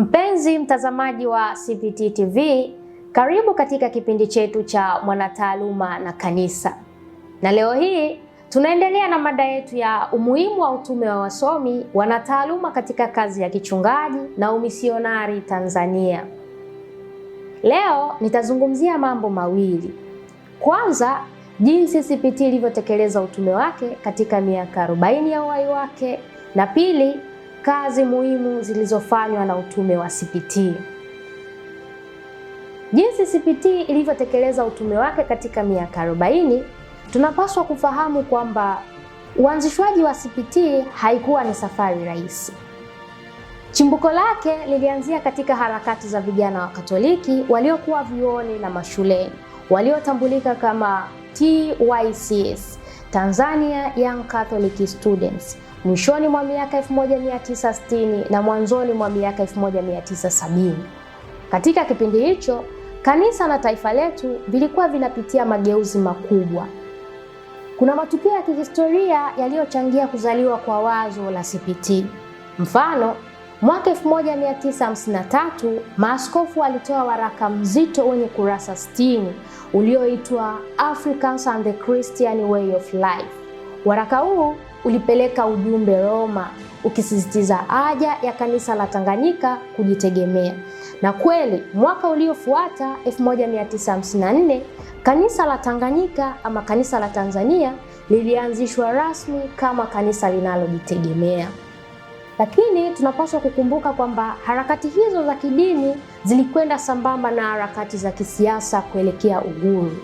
Mpenzi mtazamaji wa CPT TV, karibu katika kipindi chetu cha mwanataaluma na kanisa, na leo hii tunaendelea na mada yetu ya umuhimu wa utume wa wasomi wanataaluma katika kazi ya kichungaji na umisionari Tanzania. Leo nitazungumzia mambo mawili. Kwanza, jinsi CPT ilivyotekeleza utume wake katika miaka 40 ya uhai wake, na pili kazi muhimu zilizofanywa na utume wa CPT. Jinsi CPT ilivyotekeleza utume wake katika miaka 40, tunapaswa kufahamu kwamba uanzishwaji wa CPT haikuwa ni safari rahisi. Chimbuko lake lilianzia katika harakati za vijana wa Katoliki waliokuwa vyuoni na mashuleni waliotambulika kama TYCs, Tanzania Young Catholic Students mwishoni mwa miaka 1960 na mwanzoni mwa miaka 1970. Katika kipindi hicho, kanisa na taifa letu vilikuwa vinapitia mageuzi makubwa. Kuna matukio ya kihistoria yaliyochangia kuzaliwa kwa wazo la CPT. Mfano, mwaka 1953 maaskofu walitoa waraka mzito wenye kurasa 60 ulioitwa Africans and the Christian Way of Life. Waraka huu ulipeleka ujumbe Roma ukisisitiza haja ya kanisa la Tanganyika kujitegemea. Na kweli mwaka uliofuata 1954 kanisa la Tanganyika ama kanisa la Tanzania lilianzishwa rasmi kama kanisa linalojitegemea. Lakini tunapaswa kukumbuka kwamba harakati hizo za kidini zilikwenda sambamba na harakati za kisiasa kuelekea uhuru.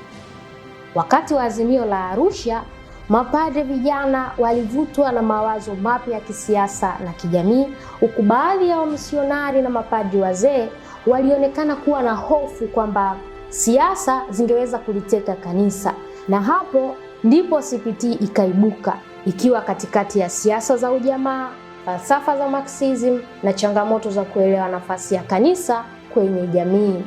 Wakati wa azimio la Arusha Mapadre vijana walivutwa na mawazo mapya ya kisiasa na kijamii, huku baadhi ya wamisionari na mapadri wazee walionekana kuwa na hofu kwamba siasa zingeweza kuliteka kanisa, na hapo ndipo CPT ikaibuka ikiwa katikati ya siasa za ujamaa, falsafa za Marxism na changamoto za kuelewa nafasi ya kanisa kwenye jamii.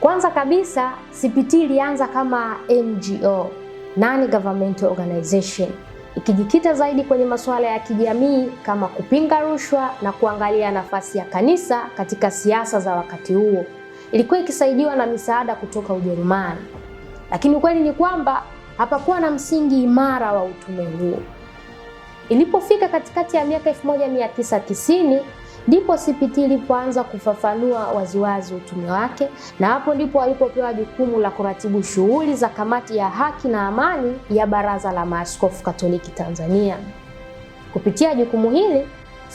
Kwanza kabisa, CPT ilianza kama NGO non-governmental organization ikijikita zaidi kwenye masuala ya kijamii kama kupinga rushwa na kuangalia nafasi ya kanisa katika siasa za wakati huo. Ilikuwa ikisaidiwa na misaada kutoka Ujerumani, lakini ukweli ni kwamba hapakuwa na msingi imara wa utume huo. Ilipofika katikati ya miaka 1990 Ndipo CPT ilipoanza kufafanua waziwazi utume wake, na hapo ndipo alipopewa jukumu la kuratibu shughuli za kamati ya haki na amani ya Baraza la Maaskofu Katoliki Tanzania. Kupitia jukumu hili,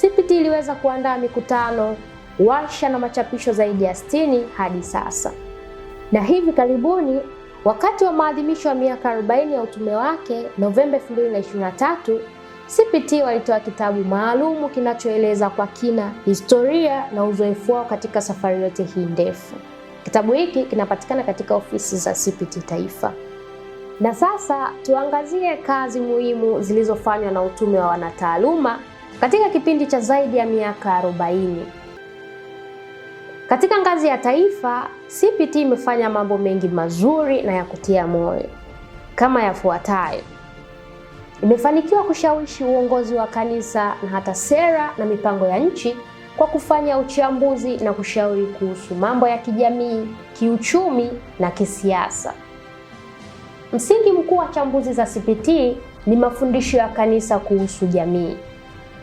CPT iliweza kuandaa mikutano, warsha na machapisho zaidi ya 60 hadi sasa. Na hivi karibuni wakati wa maadhimisho ya miaka 40 ya utume wake Novemba 2023 CPT walitoa kitabu maalumu kinachoeleza kwa kina historia na uzoefu wao katika safari yote hii ndefu. Kitabu hiki kinapatikana katika ofisi za CPT Taifa. Na sasa tuangazie kazi muhimu zilizofanywa na utume wa wanataaluma katika kipindi cha zaidi ya miaka arobaini. Katika ngazi ya taifa, CPT imefanya mambo mengi mazuri na ya kutia moyo kama yafuatayo imefanikiwa kushawishi uongozi wa kanisa na hata sera na mipango ya nchi kwa kufanya uchambuzi na kushauri kuhusu mambo ya kijamii, kiuchumi na kisiasa. Msingi mkuu wa chambuzi za CPT ni mafundisho ya kanisa kuhusu jamii,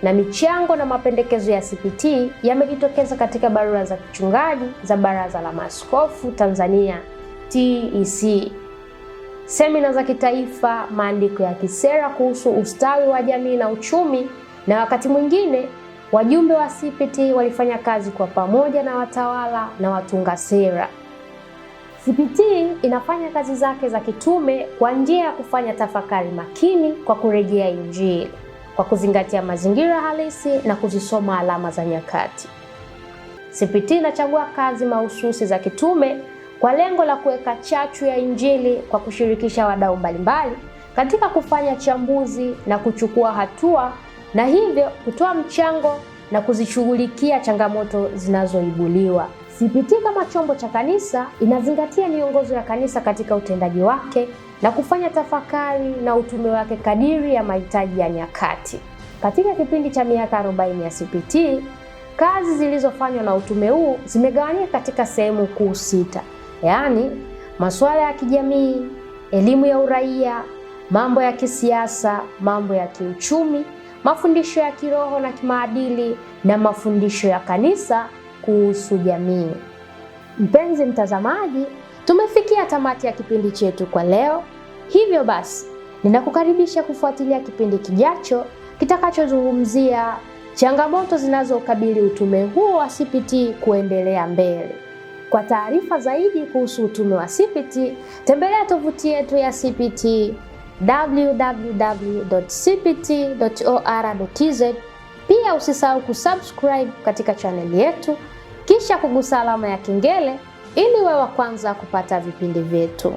na michango na mapendekezo ya CPT yamejitokeza katika barua za kichungaji za Baraza la Maaskofu Tanzania TEC semina za kitaifa, maandiko ya kisera kuhusu ustawi wa jamii na uchumi, na wakati mwingine wajumbe wa CPT walifanya kazi kwa pamoja na watawala na watunga sera. CPT inafanya kazi zake za kitume kwa njia ya kufanya tafakari makini kwa kurejea Injili, kwa kuzingatia mazingira halisi na kuzisoma alama za nyakati. CPT inachagua kazi mahususi za kitume kwa lengo la kuweka chachu ya Injili kwa kushirikisha wadau mbalimbali katika kufanya chambuzi na kuchukua hatua na hivyo kutoa mchango na kuzishughulikia changamoto zinazoibuliwa. CPT kama chombo cha kanisa inazingatia miongozo ya kanisa katika utendaji wake na kufanya tafakari na utume wake kadiri ya mahitaji ya nyakati. Katika kipindi cha miaka 40 ya CPT, kazi zilizofanywa na utume huu zimegawanyika katika sehemu kuu sita yaani masuala ya kijamii, elimu ya uraia, mambo ya kisiasa, mambo ya kiuchumi, mafundisho ya kiroho na kimaadili na mafundisho ya kanisa kuhusu jamii. Mpenzi mtazamaji, tumefikia tamati ya kipindi chetu kwa leo. Hivyo basi, ninakukaribisha kufuatilia kipindi kijacho kitakachozungumzia changamoto zinazokabili utume huo wa CPT kuendelea mbele. Kwa taarifa zaidi kuhusu utume wa CPT, tembelea tovuti yetu ya CPT www.cpt.or.tz. Pia usisahau kusubscribe katika chaneli yetu kisha kugusa alama ya kengele ili wewe wa kwanza kupata vipindi vyetu.